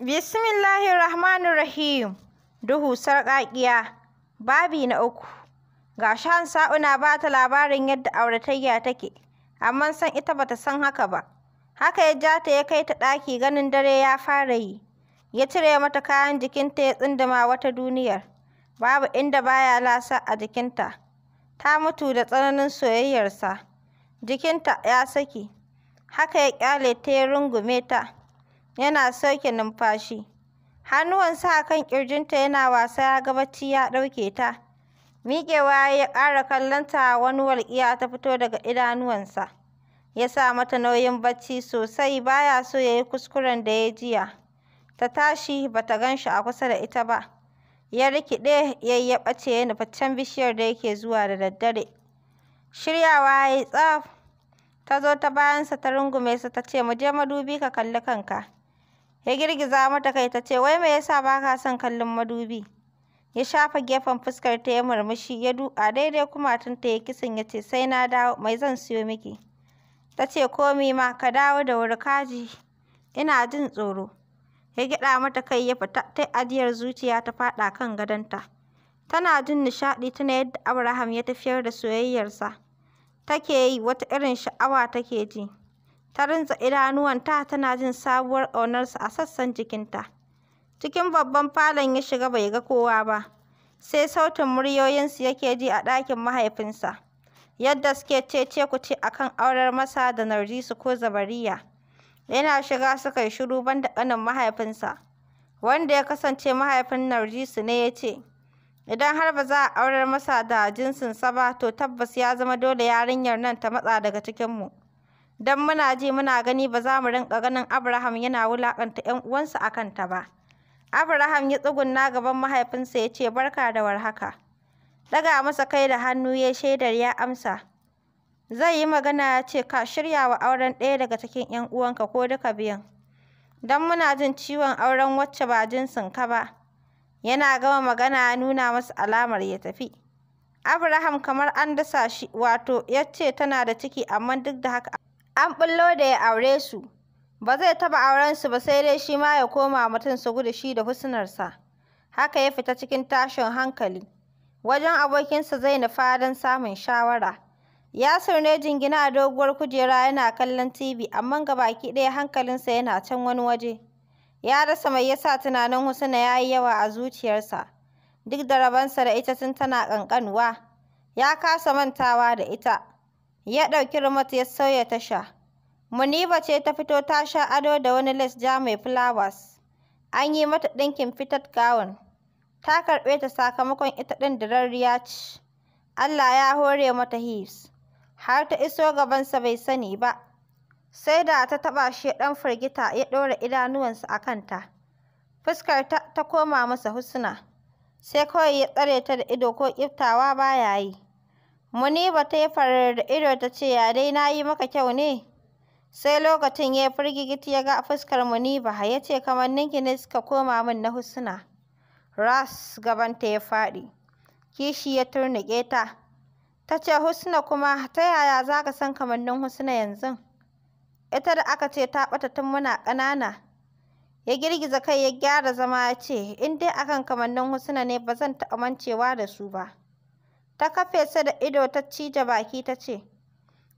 Bismillahirrahmanirrahim. Duhu sarƙaƙiya. Babi na uku. Ga shi Hansa'u na ba ta labarin yadda auratayya take, amma san ita bata san haka ba. Haka ya ja ta ya kai ta ɗaki ganin dare ya fara yi. Ya cire mata kayan jikinta ya tsindima wata duniyar. Babu inda baya lasa a jikinta. Ta mutu da tsananin soyayyarsa. Jikinta ya saki. Haka ya ƙyale ta ya rungume ta. yana sauke numfashi. Hannuwansa a kan ƙirjinta yana wasa ya ga bacci ya ɗauke ta. Miƙewa ya ƙara kallonta wani walƙiya ta fito daga idanuwansa. Ya sa mata nauyin bacci sosai baya so ya yi kuskuren da ya jiya. Ta tashi ba ta gan shi a kusa da ita ba. Ya rikiɗe ya yi ɓace ya nufa can bishiyar da yake zuwa da daddare. Shiryawa ya yi tsaf. ta zo ta bayansa ta rungume sa ta ce mu je madubi ka kalli kanka Ya girgiza mata kai ta ce, wai me yasa ba ka son kallon madubi? Ya shafa gefen fuskar ta ya murmushi ya duka daidai tun ta ya kisan ya ce, sai na dawo mai zan siyo miki. Ta ce, komi ma ka dawo da wuri kaji. Ina jin tsoro. Ya gida mata kai ya fita ta ajiyar zuciya ta faɗa kan gadonta. Tana jin nishaɗi tana yadda Abraham ya tafiyar da soyayyarsa. Take yi wata irin sha'awa take ji. ta rinza idanuwanta tana jin sabuwar ƙaunarsa a sassan jikinta. Cikin babban falon ya shiga bai ga kowa ba, sai sautin muryoyinsu yake ji a ɗakin mahaifinsa, yadda suke cece kuce a kan aurar masa da Narjisu ko Zabariya. Yana shiga suka yi shiru banda ƙanin mahaifinsa, wanda ya kasance mahaifin Narjisu ne ya ce, idan har ba za a aurar masa da jinsinsa ba to tabbas ya zama dole yarinyar nan ta matsa daga cikinmu. don muna ji muna gani ba za mu rinƙa ganin Abraham yana wulaƙanta 'yan uwansa a kanta ba. Abraham ya tsugunna gaban mahaifinsa ya ce, Barka da warhaka. Ɗaga masa kai da hannu ya shaidar ya amsa. Zai yi magana ya ce, Ka shirya wa auren ɗaya daga cikin 'yan uwanka ko duka biyan. Don muna jin ciwon auren wacce ba ka ba. Yana gama magana ya nuna masa alamar ya tafi. Abraham kamar an dasa shi, wato ya ce tana da ciki amma duk da haka an bullo da ya aure su ba zai taɓa auren su ba sai dai shi ma ya koma mutum su gudu shi da husnarsa haka ya fita cikin tashin hankali wajen abokinsa zai nufa don samun shawara Yasir ne jingina a doguwar kujera yana kallon TV amma gabaki ɗaya hankalinsa yana can wani waje ya rasa mai yasa tunanin Husuna ya yi yawa a zuciyarsa duk da rabansa da ita tun tana ƙanƙanuwa ya kasa mantawa da ita ya ɗauki remote ya sauya tasha. Muniba ce ta fito ta sha ado da wani les ja mai flowers. An yi mata ɗinkin fitar gown. Ta karɓe ta sakamakon ita ɗin da rariya ce. Allah ya hore mata hips. Har ta iso gabansa bai sani ba. Sai da ta taɓa shi ɗan firgita ya ɗora idanuwansa a kanta. Fuskar ta, ta koma masa husna. Sai kawai ya tsare ta da ido ko ƙiftawa baya yi. Muniba ta yi farar da ido ta ce, ya dai na yi maka kyau ne? Sai lokacin ya yi firgigiti ya ga fuskar Muniba ya ce kamanninki ne suka koma min na husna. Ras gabanta ya faɗi. Kishi ya turnuƙe ta. Ta ce husna kuma ta yaya za ka san kamannin husna yanzu? Ita da aka ce ta ɓata tun muna ƙanana. Ya girgiza kai ya gyara zama ya ce, in dai akan kamannin husna ne ba zan taɓa mancewa da su ba. ta kafe su da ido ta cije baki ta ce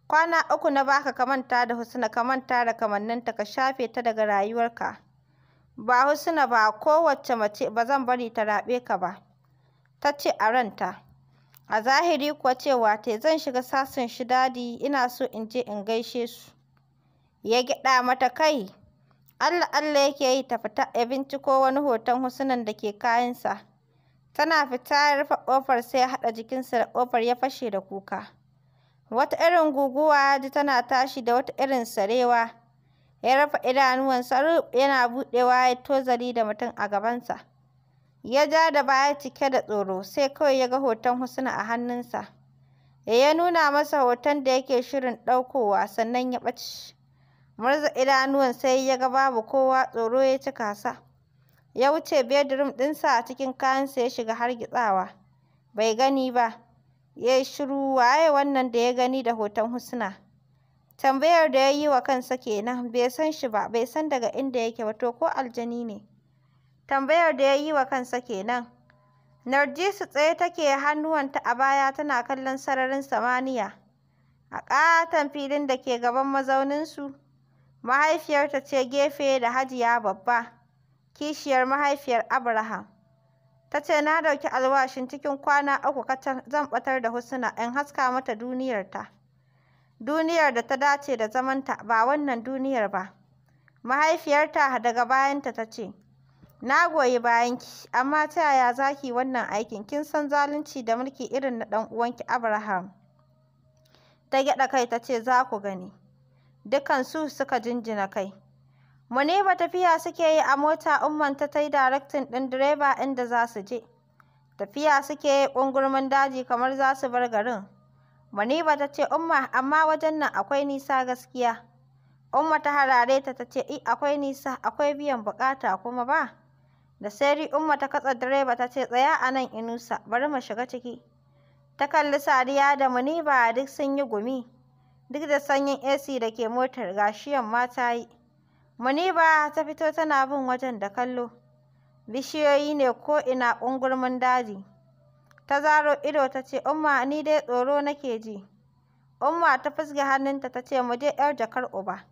kwana uku na baka ka manta da husna ka manta da kamanninta ka shafe ta daga rayuwarka ba husna ba kowace mace ba zan bari ta raɓe ka ba ta ce a ranta a zahiri kuwa cewa te zan shiga sasin shi dadi ina so in je in gaishe su ya gyaɗa mata kai Allah Allah yake yi ta fita ya binciko wani hoton husnan da ke kayansa Tana fita ya rufe ƙofar sai ya haɗa jikinsa da ƙofar ya fashe da kuka. Wata irin guguwa yaji ji tana tashi da wata irin sarewa. Ya rufe idanuwansa rub yana buɗewa ya tozali da mutum a gabansa. Ya ja da baya cike da tsoro sai kawai ya ga hoton Husna a hannunsa. Eh, ya nuna masa hoton da yake shirin ɗaukowa sannan ya ɓace. Murza idanuwan sai ya ga babu kowa tsoro ya cika sa. Ya wuce bedroom ɗinsa a cikin kayansa ya shiga hargitsawa. Bai gani ba. Ya shiru waye wannan da ya gani da hoton Husna. Tambayar da ya yi wa kansa kenan bai san shi ba bai san daga inda yake ba to ko aljani ne. Tambayar da ya yi wa kansa kenan. Narjisu tsaye take hannuwanta a baya tana kallon sararin samaniya. A ƙaton filin da ke gaban mazauninsu, mahaifiyarta ce gefe da Hajiya babba. kishiyar mahaifiyar Abraham. Ta ce, Na ɗauki alwashin cikin kwana uku kacal zan ɓatar da Husna in haska mata duniyarta. Duniyar da ta dace da zamanta ba wannan duniyar ba. Mahaifiyarta daga bayanta ta ce, Na goyi bayanki, amma ta yaya za ki wannan aikin? Kin san zalunci da mulki irin na ɗan uwanki Abraham. Ta gyaɗa kai ta ce, Za ku gani. Dukansu suka jinjina kai. Muniba tafiya suke yi a mota Umman ta yi daraktin ɗin direba inda za su je. Tafiya suke yi ƙungurmin daji kamar za su bar garin. Muniba ta ce Umma amma wajen nan akwai nisa gaskiya. Umma ta harare ta ta ce i akwai nisa akwai biyan buƙata kuma ba. Da sairi, Umma ta katsa direba ta ce tsaya a nan Inusa bari mu shiga ciki. Ta kalli Sariya da Muniba duk sun yi gumi. Duk da sanyin AC da ke motar gashiyan yamma ta yi. Muniba ta fito tana bin wajen da kallo. Bishiyoyi ne ko ina ƙungurmin daji. Ta zaro ido ta ce, Umma ni dai tsoro nake ji. Umma ta fusge hannunta ta ce, mu je 'yar jakar uba.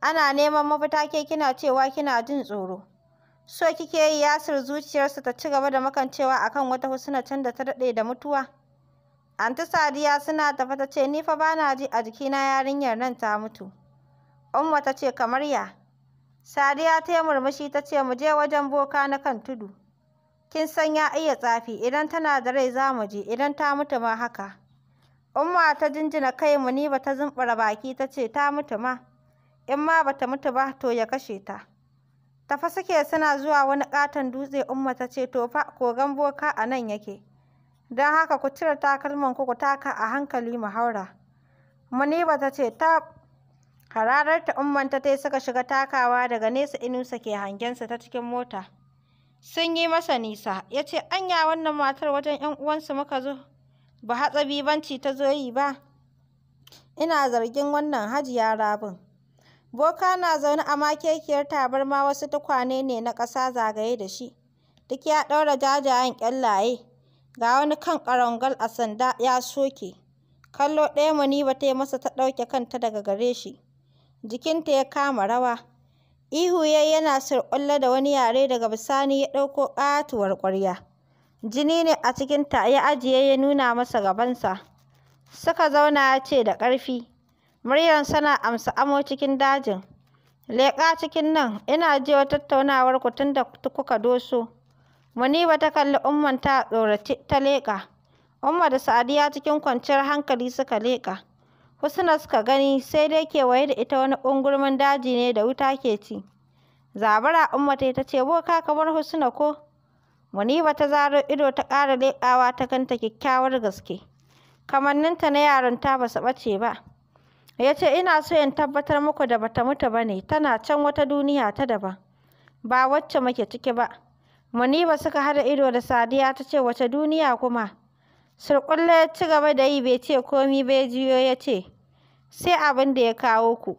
Ana neman mafita ke kina cewa kina jin tsoro. So kike yi yasir zuciyarsa ta ci gaba da makancewa akan wata husna can da ta daɗe da mutuwa. Anti Sadiya suna tafa ta ce, ni fa bana ji a jikina yarinyar nan ta mutu. Umma ta ce, kamar ya? Sadiya ta yi murmushi ta ce mu je wajen boka na kan tudu. Kin san ya iya tsafi idan tana da rai za mu je idan ta mutu ma haka. Umma ta jinjina kai mu ni ba ta zumbura baki ta ce ta mutu ma. In ma bata mutu ba to ya kashe ta. Tafa suke suna zuwa wani katon dutse Umma ta ce to fa kogan boka a nan yake. Don haka ku cire takalman ku ku taka a hankali mu haura. Muniba ta ce ta Kararar ta ummanta tai suka shiga takawa daga nesa inu Inusa ke sa ta cikin mota. Sun yi masa nisa, ya ce anya wannan matar wajen ‘yan uwansu muka zo, ba hatsa banci ta zo yi ba. Ina zargin wannan hajiya rabin. Boka na zaune a makekiyar tabarma wasu tukwane ne na ƙasa zagaye da shi. Duk ya ɗaura jajayen ƙyallaye. Ga wani kan ƙarangal a sanda ya soke. Kallo ɗaya ni ba ta yi masa ta ɗauke kanta daga gare shi. jikinta ya kama rawa. Ihu ya yana surƙulle da wani yare daga bisani ya ɗauko ƙatuwar ƙwarya. Jini ne a cikinta ya ajiye ya nuna masa gabansa. Suka zauna ya ce da ƙarfi. Muryar sana amsa amo cikin dajin. Leƙa cikin nan, ina ji wa tattaunawarku tun da kuka doso. Muniba ta kalli Umman ta tsorace ta leƙa. Umma da Sadiya cikin kwanciyar hankali suka leƙa. Husna suka gani sai dai kewaye da ita wani ungurmin daji ne da wuta ke ci. Zabara Umma ta ta ce boka kamar Husna ko? Muniba ta zaro ido ta ƙara leƙawa ta kanta kyakkyawar gaske. Kamanninta na yaronta ba su ɓace ba. Ya ce ina so in tabbatar muku da bata mutu ba ne tana can wata duniya ta daban. Ba wacce muke ciki ba. Muniba suka haɗa ido da Sadiya ta ce wace duniya kuma? Surƙulla ya ci gaba da yi bai ce komi bai jiyo ya ce, sai abin da ya kawo ku.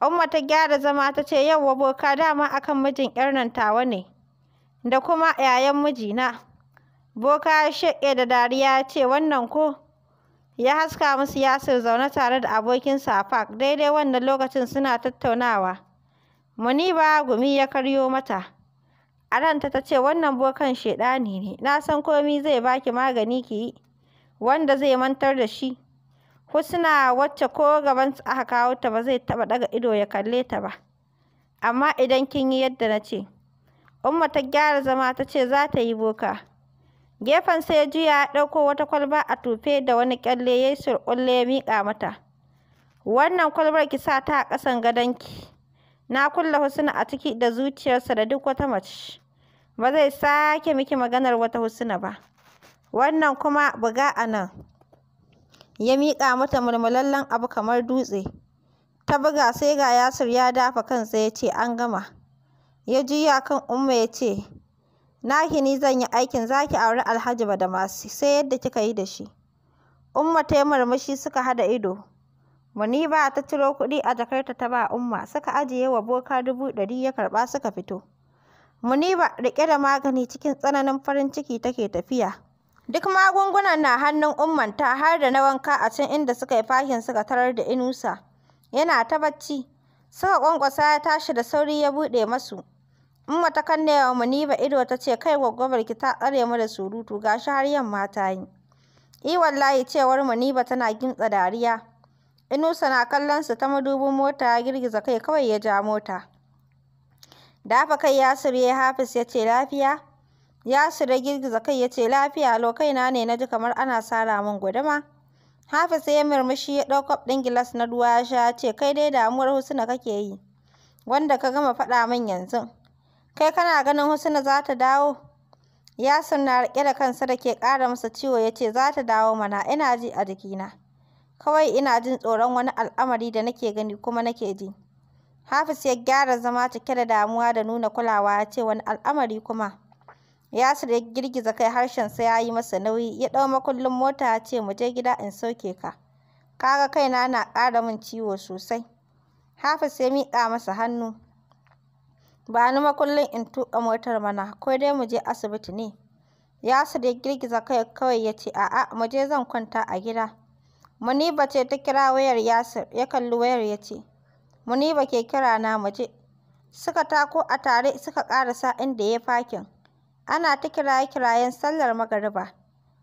Umma ta gyara zama ta ce yauwa boka dama akan mijin 'yar nan tawa ne da kuma yayan mijina. Boka ya sheƙe da dariya ya ce wannan ko? Ya haska musu Yasir zaune tare da abokinsa a daidai wannan lokacin suna tattaunawa. Muniba gumi ya karyo mata. A ranta ta ce wannan bokan shaiɗani ne, na san komi zai baki magani ki yi, wanda zai mantar da shi. Husna wacce ko gaban aka kawo ta ba zai taɓa ɗaga ido ya kalle ta ba. Amma idan kin yi yadda na ce. Umma ta gyara zama ta ce za ta yi boka. Gefen sai ya juya ya ɗauko wata kwalba a tufe da wani ƙyalle ya yi surƙulle ya miƙa mata. Wannan kwalbar ki sa ta a ƙasan gadonki. Na kulle Husna a ciki da zuciyarsa da duk wata mace. Ba zai sake miki maganar wata Husna ba. Wannan kuma buga a nan. Ya miƙa mata mulmulallen abu kamar dutse. Ta buga sai ga Yasir ya dafa kansa ya ce an gama. Ya juya kan Umma ya ce, Naki ni zan yi aikin za ki auri Alhaji ba Badamasi sai yadda kika yi da shi. Umma ta yi murmushi suka haɗa ido. Muniba ta ciro kuɗi a jakarta ta ba Umma suka ajiye wa Boka dubu ɗari ya karɓa suka fito. Muniba riƙe da magani cikin tsananin farin ciki take tafiya. Duk magungunan na hannun umman ta har da na wanka a can inda suka yi fakin suka tarar da Inusa. Yana ta bacci. Suka ƙwanƙwasa ya tashi da sauri ya buɗe masu. Umma ta kanne wa Muniba ido ta ce kai ki, ta tsare mu da surutu gashi har yamma ta yi. I wallahi cewar Muniba tana gimtsa dariya. Inusa na kallon su ta madubin mota ya girgiza kai kawai ya ja mota. Dafa kai Yasir ya hafis ya ce lafiya. Yasir ya girgiza kai ya ce lafiya na ne na ji kamar ana sara min guduma. Hafis ya murmushi ya ɗau ɗin gilas na ruwa ya sha ya ce kai dai damuwar Husna kake yi. Wanda ka gama faɗa min yanzu. Kai kana ganin Husna za ta dawo? Yasir na riƙe da kansa da ke ƙara masa ciwo ya ce za ta dawo mana ina ji a jikina. Kawai ina jin tsoron wani al'amari da nake gani kuma nake ji. Hafiz ya gyara zama cike da damuwa da nuna kulawa ya ce wani al'amari kuma. Yasir ya girgiza kai harshensa ya yi masa nauyi ya ɗau makullin mota ya ce mu je gida in sauke ka. Kaga kaina na ƙara min ciwo sosai. Hafiz ya miƙa masa hannu. Ba ni makullin in tuƙa motar mana ko dai mu je asibiti ne. Yasir ya girgiza kai kawai ya ce a'a mu je zan kwanta a gida. Muniba ce ta kira wayar Yasir, ya kalli wayar ya ce, Muniba ke kira na muje Suka tako a tare suka ƙarasa inda ya fakin. Ana ta kiraye-kirayen sallar magariba.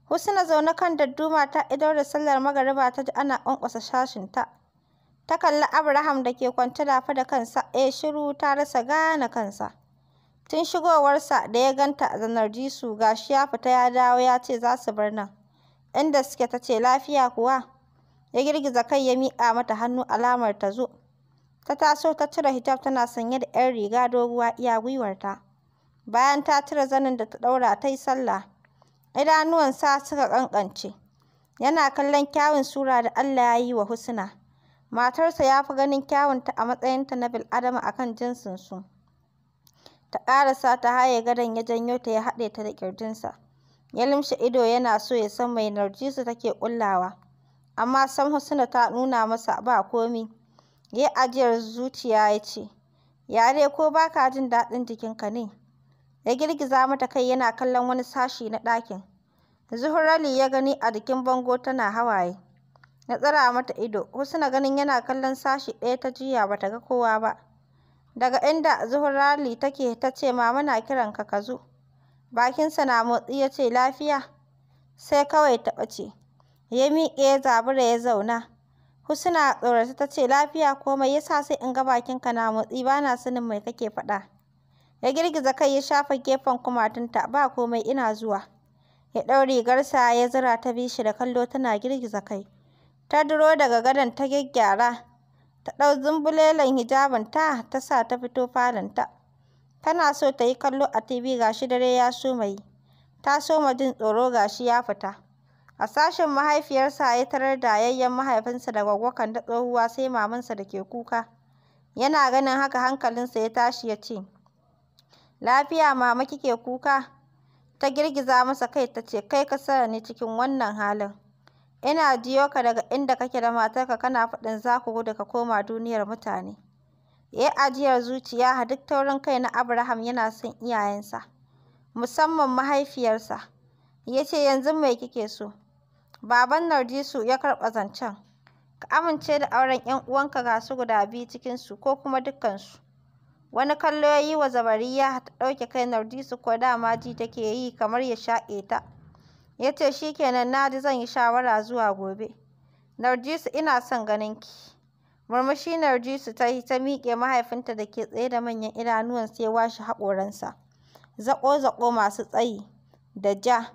Husna zaune kan dadduma ta idar da sallar magariba ta ji ana ƙwanƙwasa shashinta. Ta kalli Abraham da ke kwance dafa da kansa, ya eh, shiru ta rasa gane kansa. Tun shigowarsa da ya ganta a zanar jisu gashi ya fita ya dawo ya ce za su bar nan. Inda suke ta ce lafiya kuwa? ya girgiza kai ya miƙa mata hannu alamar ta zo ta taso ta cire hijab tana sanye da 'yan riga doguwa iya gwiwarta bayan ta cire zanin da ta ɗaura ta yi sallah Idanuwan sa suka ƙanƙance yana kallon kyawun sura da Allah ya yi wa Husna matarsa ya fi ganin kyawunta a matsayinta na bil'adama a kan jinsinsu ta ƙarasa ta haye gadon ya janyo ta ya haɗe ta da ƙirjinsa ya limshe ido yana so ya san mai Narjisu take ƙullawa amma sam Husna ta nuna masa ba komi. Ya ajiyar zuciya ya ce, yare ko ba ka jin daɗin jikinka ne? Ya girgiza mata kai yana kallon wani sashi na ɗakin. Zuhurali ya gani a jikin bango tana hawaye. na tsara mata ido, Husna ganin yana kallon sashi ɗaya ta jiya ba ta ga kowa ba. Daga inda Zuhurali take ta ce mama na kiranka ka zo. Bakinsa na motsi ya ce lafiya. Sai kawai ta ɓace. ya miƙe ya da ya zauna Husna tsorata ta ce lafiya komai yasa sai in ga bakinka na motsi ba na sanin mai kake faɗa. Ya girgiza kai ya shafa gefen kumatunta ba komai ina zuwa. Ya ɗau rigarsa ya zira ta bi shi da kallo tana girgiza kai. Ta duro daga gadon ta gyaggyara. Ta ɗau zumbulelen hijabinta ta sa ta fito falonta. Tana so ta yi kallo a TV gashi dare ya so mai. Ta soma jin tsoro gashi ya fita. A sashen mahaifiyarsa ya tarar da yayyen mahaifinsa da gwaggwakan da tsohuwa sai mamansa da ke kuka. Yana ganin haka hankalinsa ya tashi ya ce, Lafiya mama kike kuka? Ta girgiza masa kai ta ce, Kai ka sa ni cikin wannan halin. Ina jiyo ka daga inda kake da matarka kana faɗin za ku gudu ka koma duniyar mutane. Ya ajiyar zuciya a duk taurin kai na Abraham yana son iyayensa, musamman mahaifiyarsa. Ya ce, Yanzu mai kike so? Baban Narjisu ya karɓa zancen. Ka amince da auren 'yan uwanka ga su guda biyu cikinsu ko kuma dukkansu. Wani kallo ya yi wa Zabariya ta ɗauke kai Narjisu ko dama ji take yi kamar ya shaƙe ta. Ya ce shi kenan na ji zan yi shawara zuwa gobe. Narjisu ina son ganin ki. Murmushi Narjisu ta yi ta miƙe mahaifinta da ke tsaye da manyan idanuwansa ya washe haƙoransa. Zaƙo-zaƙo masu tsayi da ja.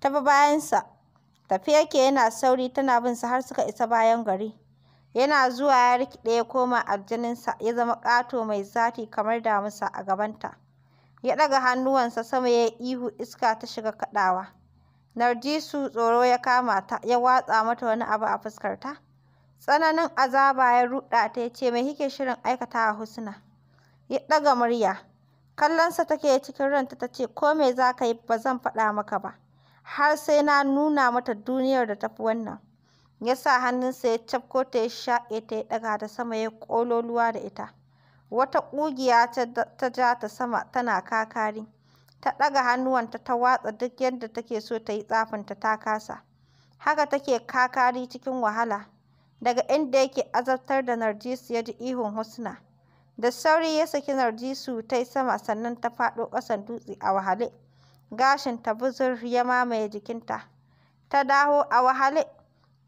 Ta bi bayansa. Tafiya yake yana sauri tana bin sa har suka isa bayan gari. Yana zuwa ya rikide ya koma sa ya zama ƙato mai zafi kamar damisa a gabanta. Ya ɗaga hannuwansa sama ya ihu iska ta shiga kaɗawa. Narjisu tsoro ya kama ta ya watsa mata wani abu a fuskarta. Tsananin azaba ya ruɗa ta ya ce mai kike shirin aikata a Husna? Ya ɗaga murya. Kallonsa take cikin ranta ta ce ko me za ka yi ba zan faɗa maka ba. har sai na nuna mata duniyar da tafi wannan. Ya sa hannunsa ya cafko ta ya shaƙe ta ya ɗaga da sama ya ƙololuwa da ita. Wata ƙugiya ta ja ta sama tana kakari. Ta ɗaga hannuwanta ta watsa duk yadda take so ta yi tsafinta ta kasa. Haka take kakari cikin wahala. Daga inda yake azabtar da Narjisu ya ji ihun Husna. Da sauri ya saki Narjisu ta yi sama sannan ta faɗo ƙasan dutse a wahale. gashinta buzur ya mamaye jikinta. Ta dawo a wahale,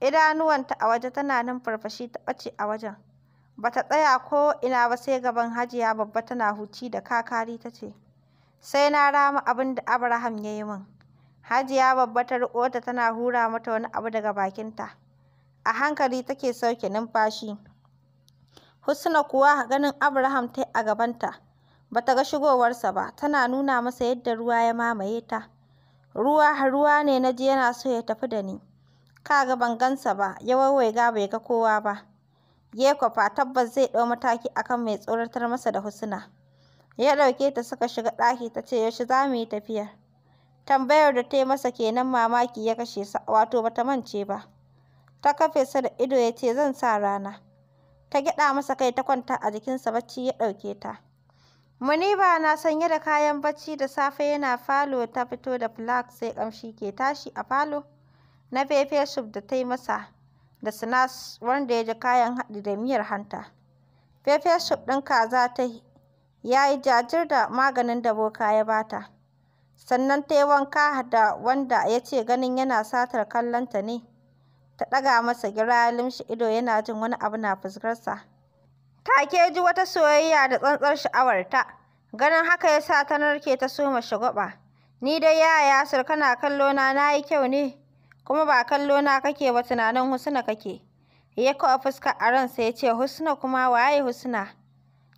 idanuwanta a waje tana nan ta ɓace a wajen. Ba ta tsaya ko ina ba sai gaban Hajiya babba tana huci da kakari ta ce, sai na rama abin da Abraham ya yi min. Hajiya babba ta riƙo ta tana hura mata wani abu daga bakinta. A hankali take sauke numfashi. Husna kuwa ganin Abraham ta a gabanta. ba ta ga shigowarsa ba, tana nuna masa yadda ruwa ya mamaye ta. Ruwa, ruwa ne na ji yana so ya tafi da ni. Ka ga ban gansa ba, ya waiwaiga bai ga kowa ba. fa tabbas zai ɗau mataki akan mai tsoratar masa da Husna. Ya ɗauke ta suka shiga ɗaki ta ce yaushe za mu yi tafiya Tambayar da ta yi masa kenan mamaki ya kashe sa, wato bata mance ba. Ta kafe sa da ido ya ce zan sa rana. Ta gyaɗa masa kai ta kwanta a jikinsa bacci ya ɗauke ta. Muniba na sanye da kayan bacci da safe yana falo ta fito da flag sai kamshi ke tashi a falo na pepe soup da ta masa da snacks wanda ya ji kayan haɗi da miyar hanta. pepe soup ɗin kaza ta yi ya yi jajir da maganin da boka ya bata. Sannan ta yi wanka da wanda ya ce ganin yana satar kallonta ne. Ta ɗaga masa gira ya ido yana jin wani abu na fuskarsa. Take ji wata soyayya da tsantsar sha'awarta. Ganin haka ya sa ta narke ta soma shagwaba Ni dai ya Yasir kana kallo na na yi kyau ne, kuma ba kallo na kake ba tunanin Husna kake. Ya kawo fuska a ransa ya ce Husna kuma waye Husna?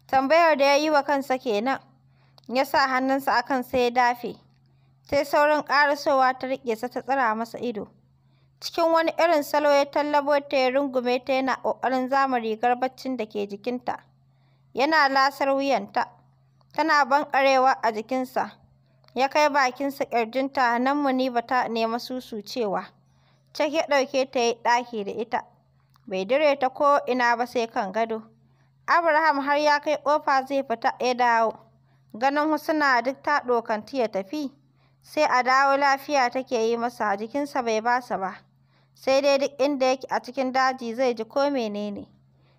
Tambayar da ya yi wa kansa kenan. Ya sa hannunsa akan kansa ya dafe. Sai saurin ƙarasowa ta riƙe sa ta tsara masa ido. Cikin wani irin salo ya tallabo ta ya rungume ta yana ƙoƙarin zama rigar baccin da ke jikinta. Yana lasar wuyanta. Tana banƙarewa a jikinsa. Ya kai bakinsa ƙirjinta, nan ba ta nemi susucewa. Cak ya ɗauke ta ya yi ɗaki da ita. Bai dire ta ina ba sai kan gado. Abraham har ya kai ƙofa zai fita ya dawo. Ganin Husna duk ta ɗokanti ya tafi. Sai a dawo lafiya take yi masa, jikinsa bai basa ba. sai dai duk inda yake a cikin daji zai ji ko menene.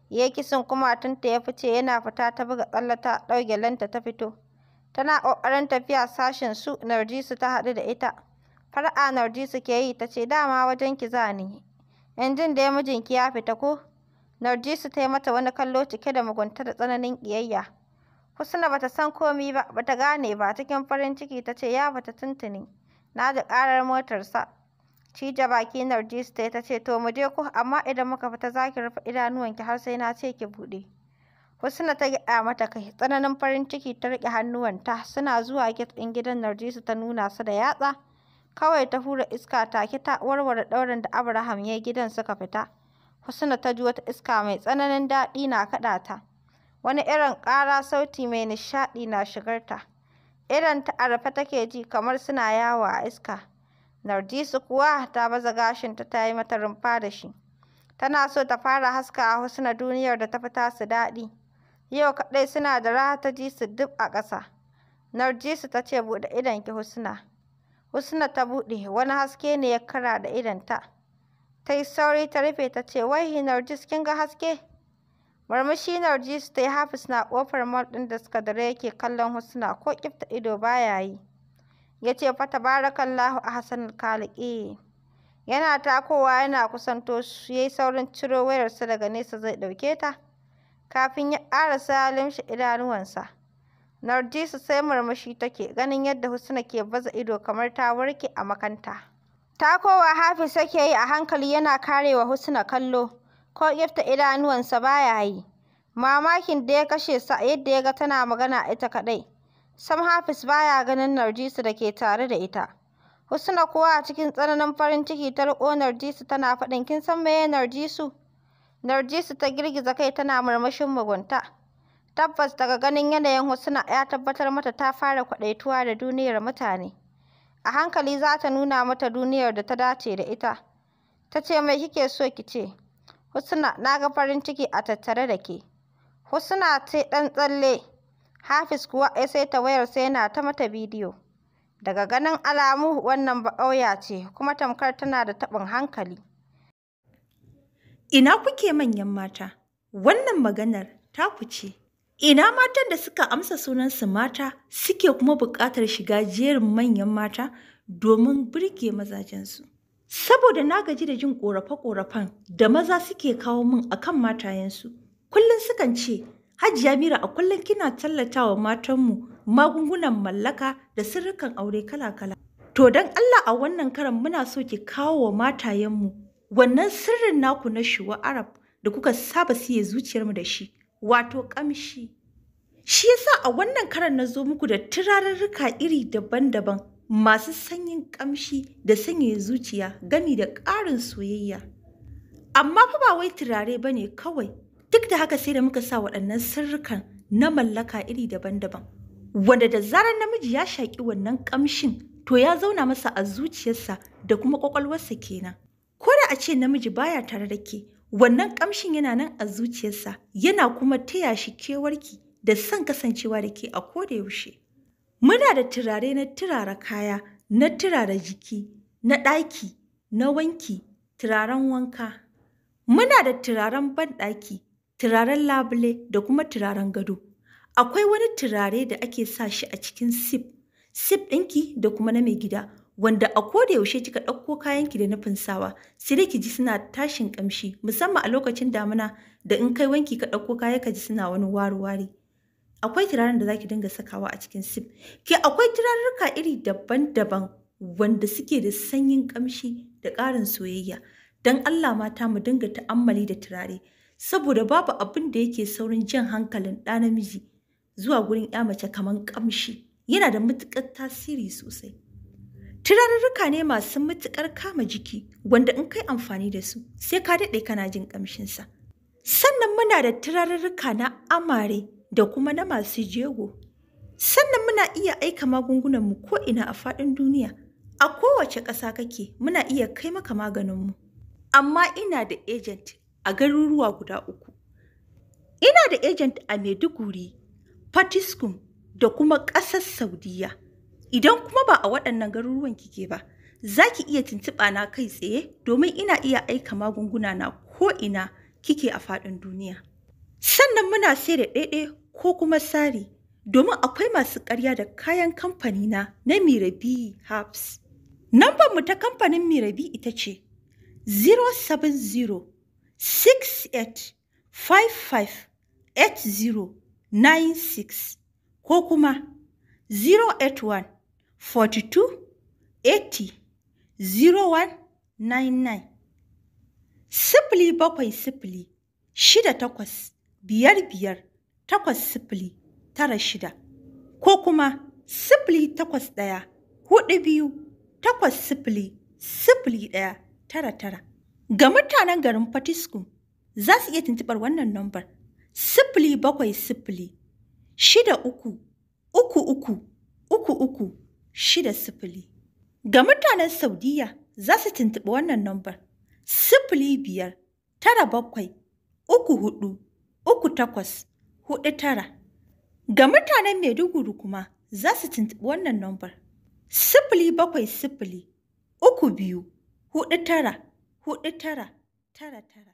Ya kuma tun ta ya fice yana fita ta buga tsallata ta lanta ta fito. Tana ƙoƙarin tafiya sashen su Narjisu ta haɗu da ita. Far'a Narjisu ke yi ta ce dama wajen ki za ni. In jin mijinki ya fita ko? Narjisu ta yi mata wani kallo cike da mugunta da tsananin ƙiyayya. Husna bata san komi ba, bata gane ba cikin farin ciki ta ce ya fita tuntuni. Na ji ƙarar motarsa. Cija baki Narjis ta ta ce to mu je ku amma idan muka fita za ki rufe idanuwanki har sai na ce ki buɗe. Husna ta gyaɗa mata kai tsananin farin ciki ta riƙe hannuwanta suna zuwa gate ɗin gidan Narjisu ta nuna su da yatsa. Kawai ta hura iska take ta warware ɗaurin da Abraham ya yi gidan suka fita. Husna ta ji wata iska mai tsananin daɗi na kaɗa ta. Wani irin ƙara sauti mai nishaɗi na shigar ta. Idan ta a rufe take ji kamar suna yawo a iska. Narjisu kuwa ta baza gashinta ta yi mata rumfa da shi. Tana so ta fara haska a husna duniyar da ta fi tasu daɗi. Yau kaɗai suna da raha ta ji su duk a ƙasa. Narjisu ta ce buɗe idonki husna. Husna ta buɗe wani haske ne ya kara da idonta. Ta yi sauri ta rufe ta ce wai Narjis kin ga haske? Murmushi narjisu ta yi hafis na ƙofar mall ɗin da suka dare yake kallon Husna ko kifta ido baya yi. ya ce fa a hassan khaliqi yana takowa yana kusanto Ya yi saurin ciro wayarsa daga nesa zai ɗauke ta kafin ya ƙarasa limshi idanuwansa Narjisu sai murmushi take ganin yadda Husna ke baza ido kamar ta warke a makanta. Takowa Hafiz sake yi a hankali yana karewa Husna kallo ko yarta idanuwansa baya yi. Mamakin da ya kashe sa yadda ya ga tana magana ita kadai. Sam Hafiz baya ganin Narjisu da ke tare da ita. Husna kuwa a cikin tsananin farin ciki ta riƙo Narjisu tana faɗin kin san meye Narjisu? Narjisu ta girgiza kai tana murmushin mugunta. Tabbas daga ganin yanayin Husna ya tabbatar mata ta fara kwaɗaituwa da duniyar mutane. A hankali za ta nuna mata duniyar da ta dace da ita. Ta ce mai kike so ki ce? Husna na ga farin ciki a tattare da ke. Husna ce ɗan tsalle. Hafiz kuwa ya saita wayarsa yana ta mata bidiyo. Daga ganin alamu wannan ba'auya ce kuma tamkar tana da taɓin hankali. Ina kuke manyan mata, wannan maganar taku ce. Ina matan da suka amsa sunansu mata suke kuma buƙatar shiga jerin manyan mata domin birge mazajensu. Saboda na gaji da jin ƙorafe-ƙorafen da maza suke kawo min akan matayensu, kullum sukan ce Hajiya Mira a kullum kina tallata wa matanmu magungunan mallaka da sirrukan aure kala-kala. To don Allah a wannan karan muna so ki kawo wa matayenmu wannan sirrin naku na shuwa Arab da kuka saba siye zuciyarmu da shi, wato ƙamshi. Shi yasa a wannan karan na zo muku da turarurruka iri daban-daban masu sanyin ƙamshi da sanyaya zuciya gami da ƙarin soyayya. Amma fa ba wai turare ba ne kawai. duk da haka sai da muka sa waɗannan sirrukan na mallaka iri daban-daban wanda da zarar namiji ya shaƙi wannan ƙamshin to ya zauna masa a zuciyarsa da kuma ƙwaƙwalwarsa kenan ko da a ce namiji baya tare da ke wannan ƙamshin yana nan a zuciyarsa yana kuma taya shi kewarki da son kasancewa da ke a ko da yaushe muna da turare na turara kaya na turara jiki na ɗaki na wanki turaren wanka muna da turaren banɗaki turaren labule da kuma turaren gado. Akwai wani turare da ake sa shi a cikin sif, sif ɗinki da kuma na mai gida, wanda a koda yaushe kika ɗauko kayanki da nufin sawa, sai dai ki ji suna tashin ƙamshi, musamman a lokacin damina da in kai wanki ka ɗauko kaya ka ji suna wani wari Akwai turaren da za ki dinga sakawa a cikin sif. Ke akwai turarruka iri daban-daban wanda suke da sanyin ƙamshi da ƙarin soyayya. Don Allah mata mu dinga ta'ammali da turare. saboda babu abin da yake saurin jan hankalin ɗa namiji zuwa gurin ya mace kamar ƙamshi yana da matuƙar tasiri sosai. Turarurruka ne masu matuƙar kama jiki wanda in kai amfani da su sai ka daɗe kana jin ƙamshinsa. Sannan muna da turarurruka na amare da kuma na masu jego. Sannan muna iya aika magungunan magungunanmu ko'ina a faɗin duniya. A kowace ƙasa kake muna iya kai maka maganinmu. Amma ina da ejenti. a garuruwa guda uku. Ina da agent a Maiduguri, Fatiskum da kuma ƙasar Saudiya. Idan kuma ba a waɗannan garuruwan kike ba, za ki iya tuntuɓa na kai tsaye domin ina iya aika magunguna na ko ina kike a faɗin duniya. Sannan muna sai da ɗaiɗe ko kuma sari domin akwai masu ƙarya da kayan kamfanina na na Mirabi Herbs. Nambar mu ta kamfanin Mirabi ita ce 070 six eight five five ko kuma zero eight one forty two Sifili bakwai sifili shida takwas biyar biyar takwas sifili tara shida ko kuma sifili takwas ɗaya huɗu biyu takwas sifili sifili ɗaya tara tara. Ga mutanen garin Fatisku za su iya tuntuɓar wannan nambar sifili bakwai sifili shida uku uku uku uku uku shida sifili. Ga mutanen Saudiya za su tuntuɓi wannan nambar sifili biyar tara bakwai uku hudu uku takwas hudu tara. Ga mutanen Maiduguri kuma za su tuntuɓi wannan nambar sifili bakwai sifili uku biyu hudu tara. huɗu tara, tara tara.